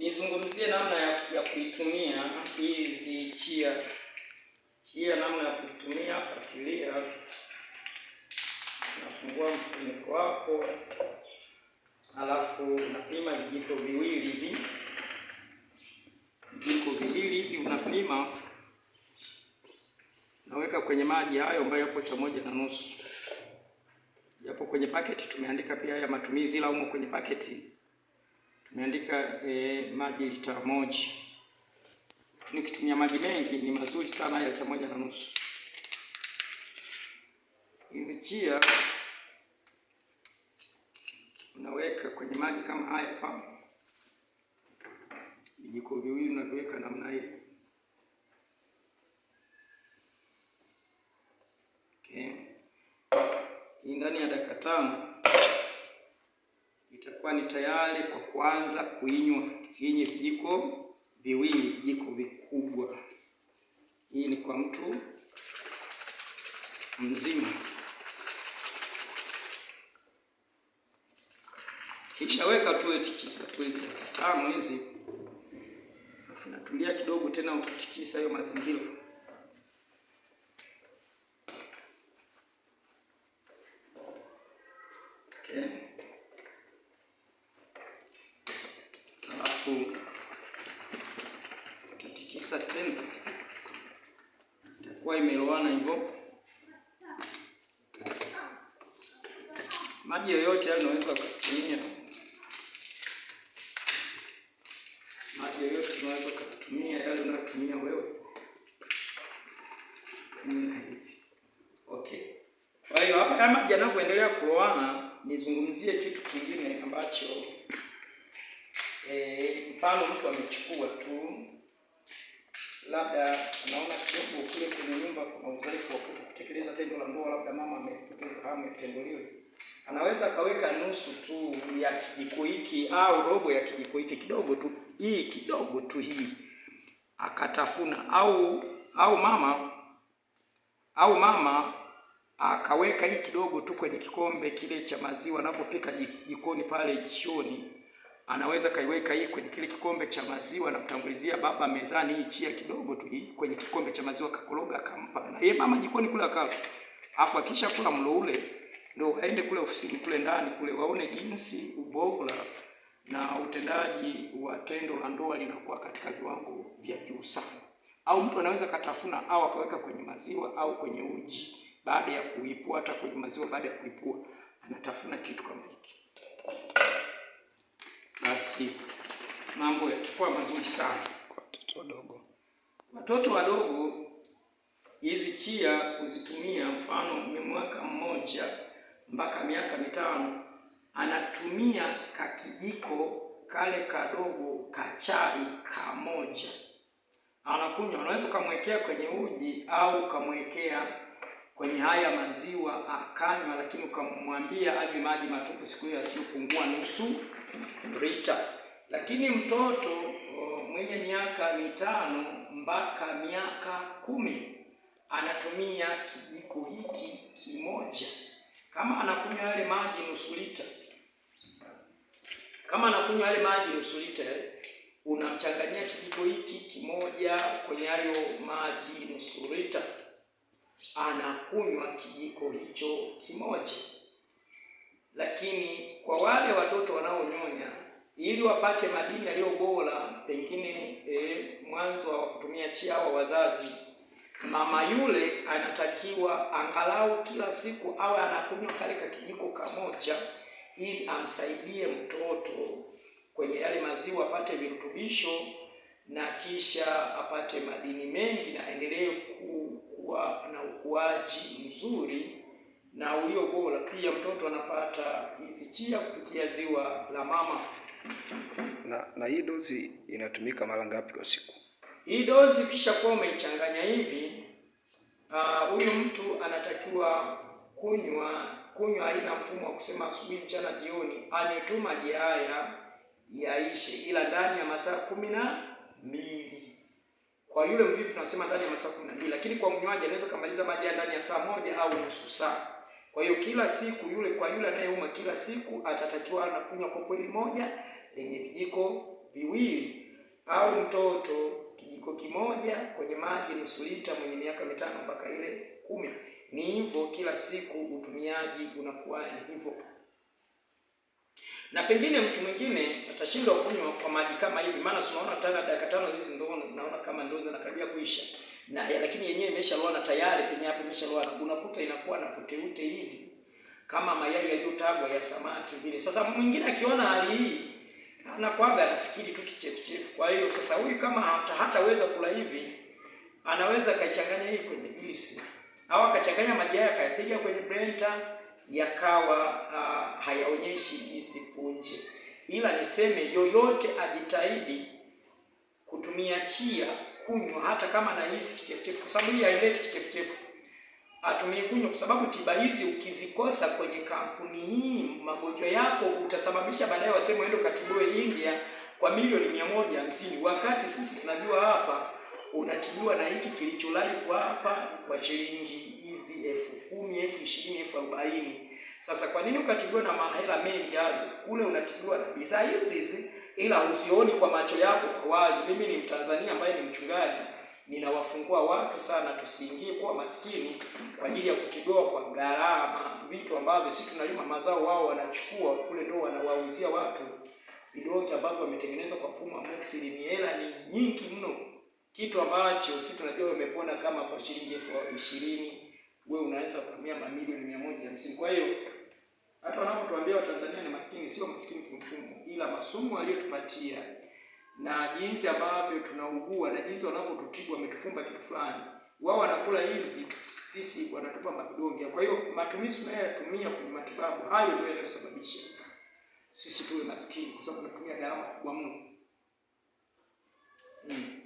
nizungumzie namna ya, ya kuitumia hizi chia. Chia namna ya kuzitumia, fuatilia. nafungua mfuniko wako, alafu unapima vijiko viwili hivi, vijiko viwili hivi unapima, naweka kwenye maji hayo ambayo yapo cha moja na nusu, japo kwenye paketi tumeandika pia ya matumizi, ila umo kwenye paketi Nimeandika e, eh, maji lita moja. Nikitumia maji mengi ni mazuri sana ya lita moja na nusu. Hizi chia unaweka kwenye maji kama haya hapa, vijiko viwili unaviweka namna hii okay. Ndani ya dakika tano itakuwa ni tayari kwa kuanza kuinywa yenye vijiko viwili, vijiko vikubwa. Hii ni kwa mtu mzima. Kisha weka tuweti kisa tu hizi dakika tano hizi, afu natulia kidogo tena, utatikisa hiyo mazingira. Kisa tena itakuwa imelowana hivyo. Maji yoyote hayo unaweza kutumia, maji yoyote unaweza kutumia yale unayotumia wewe. Okay, kwa hiyo hapa kama maji yanavyoendelea kuloana nizungumzie kitu kingine ambacho e, mfano mtu amechukua tu labda naona kidogo kule kwenye nyumba kuna udhaifu wa kutekeleza tendo la ndoa, labda mama amepoteza hamu ya tendo hilo, anaweza akaweka nusu tu ya kijiko hiki au robo ya kijiko hiki kidogo tu, hii kidogo tu hii, akatafuna au au mama au mama akaweka hii kidogo tu kwenye kikombe kile cha maziwa anapopika jikoni pale jioni anaweza kaiweka hii kwenye kile kikombe cha maziwa, namtangulizia baba mezani hii chia kidogo tu hii kwenye kikombe cha maziwa, kakoroga akampa na yeye mama jikoni kule akala. Afu akisha kula mlo ule, ndio aende kule ofisini kule ndani kule waone jinsi ubora na utendaji wa tendo la ndoa linakuwa katika viwango vya juu sana. Au mtu anaweza katafuna au akaweka kwenye maziwa au kwenye uji, baada ya kuipua, hata kwenye maziwa baada ya kuipua, anatafuna kitu kama hiki basi mambo yatakuwa mazuri sana kwa watoto wadogo. Watoto wadogo hizi chia kuzitumia, mfano mwaka mmoja mpaka miaka mitano anatumia kakijiko kale kadogo kachai kamoja anakunywa. Unaweza ukamwekea kwenye uji au ukamwekea kwenye haya maziwa akanywa, lakini ukamwambia anywe maji matupu siku hiyo asiyopungua nusu lita. Lakini mtoto mwenye miaka mitano mpaka miaka kumi anatumia kijiko hiki kimoja. Kama anakunywa yale maji nusu lita, kama anakunywa yale maji nusu lita, eh, unamchanganyia kijiko hiki kimoja kwenye hayo maji nusu lita anakunywa kijiko hicho kimoja. Lakini kwa wale watoto wanaonyonya, ili wapate madini yaliyo bora, pengine eh, mwanzo wa kutumia wa wazazi, mama yule anatakiwa angalau kila siku awe anakunywa kale ka kijiko kamoja, ili amsaidie mtoto kwenye yale maziwa apate virutubisho na kisha apate madini mengi na aendelee ku kuwa na ukuaji mzuri na ulio bora. Pia mtoto anapata hizi chia kupitia ziwa la mama. Na na hii dozi inatumika mara ngapi kwa siku? Hii dozi kisha kuwa umeichanganya hivi, ah, huyu uh, mtu anatakiwa kunywa kunywa, haina mfumo wa kusema asubuhi, mchana, jioni, anywe tu maji haya yaishe, ila ndani ya masaa kumi na mbili. Kwa yule mvivu tunasema ndani ya masaa kumi na mbili, lakini kwa mnywaji anaweza kumaliza maji ndani ya saa moja au nusu saa. Kwa hiyo kila siku yule kwa yule anayeuma kila siku atatakiwa anakunywa kopo hili moja lenye vijiko viwili, au mtoto kijiko kimoja kwenye maji nusu lita mwenye miaka mitano mpaka ile kumi. Ni hivyo kila siku, utumiaji unakuwa ni hivyo na pengine mtu mwingine atashindwa kunywa kwa maji kama hivi, maana tunaona tena dakika tano hizi ndio naona kama kuisha na ya, lakini yenyewe imeshaloana tayari, penye hapo imeshaloana, unakuta inakuwa na kuteute hivi kama mayai yaliyotagwa ya samaki vile. Sasa mwingine akiona hali hii anakuwaga atafikiri tu kichefuchefu. Kwa hiyo sasa huyu kama hata hataweza kula hivi, anaweza akaichanganya hii kwenye juisi au akachanganya maji haya akayapiga kwenye blender yakawa uh, hayaonyeshi juisi punje. Ila niseme yoyote ajitahidi kutumia chia kunywa hata kama anahisi kichefuchefu, kwa sababu hii haileti kichefuchefu, atumie kunywa, kwa sababu tiba hizi ukizikosa kwenye kampuni hii magonjwa yako utasababisha baadaye waseme uende ukatibue India kwa milioni mia moja hamsini wakati sisi tunajua hapa unatibiwa na hiki kilicho live hapa kwa shilingi hizi elfu kumi elfu ishirini elfu arobaini sasa kwa nini ukatibiwa na mahela mengi hayo? Kule unatibiwa na bidhaa hizi hizi, ila usioni kwa macho yako kwa wazi. Mimi ni Mtanzania ambaye ni mchungaji, ninawafungua watu sana, tusiingie kuwa maskini kwa ajili ya kutibiwa kwa gharama, vitu ambavyo sisi tunalima mazao, wao wanachukua kule ndio wanawauzia watu vidonge ambavyo wametengenezwa kwa mfumo wa Moxil. hela ni nyingi mno, kitu ambacho si tunajua wamepona kama kwa shilingi elfu ishirini wewe unaweza kutumia mamilioni mia moja hamsini. Kwa hiyo hata wanapotuambia Watanzania ni maskini, sio maskini kimfumo, ila masomo aliyotupatia na jinsi ambavyo tunaugua na jinsi wanavyotutibu wametufumba kitu fulani. Wao wanakula hizi, sisi wanatupa makidonge. Kwa hiyo matumizi tunayotumia kwenye matibabu hayo ndio yanayosababisha sisi tuwe maskini, kwa sababu tunatumia gharama kubwa mno. Hmm.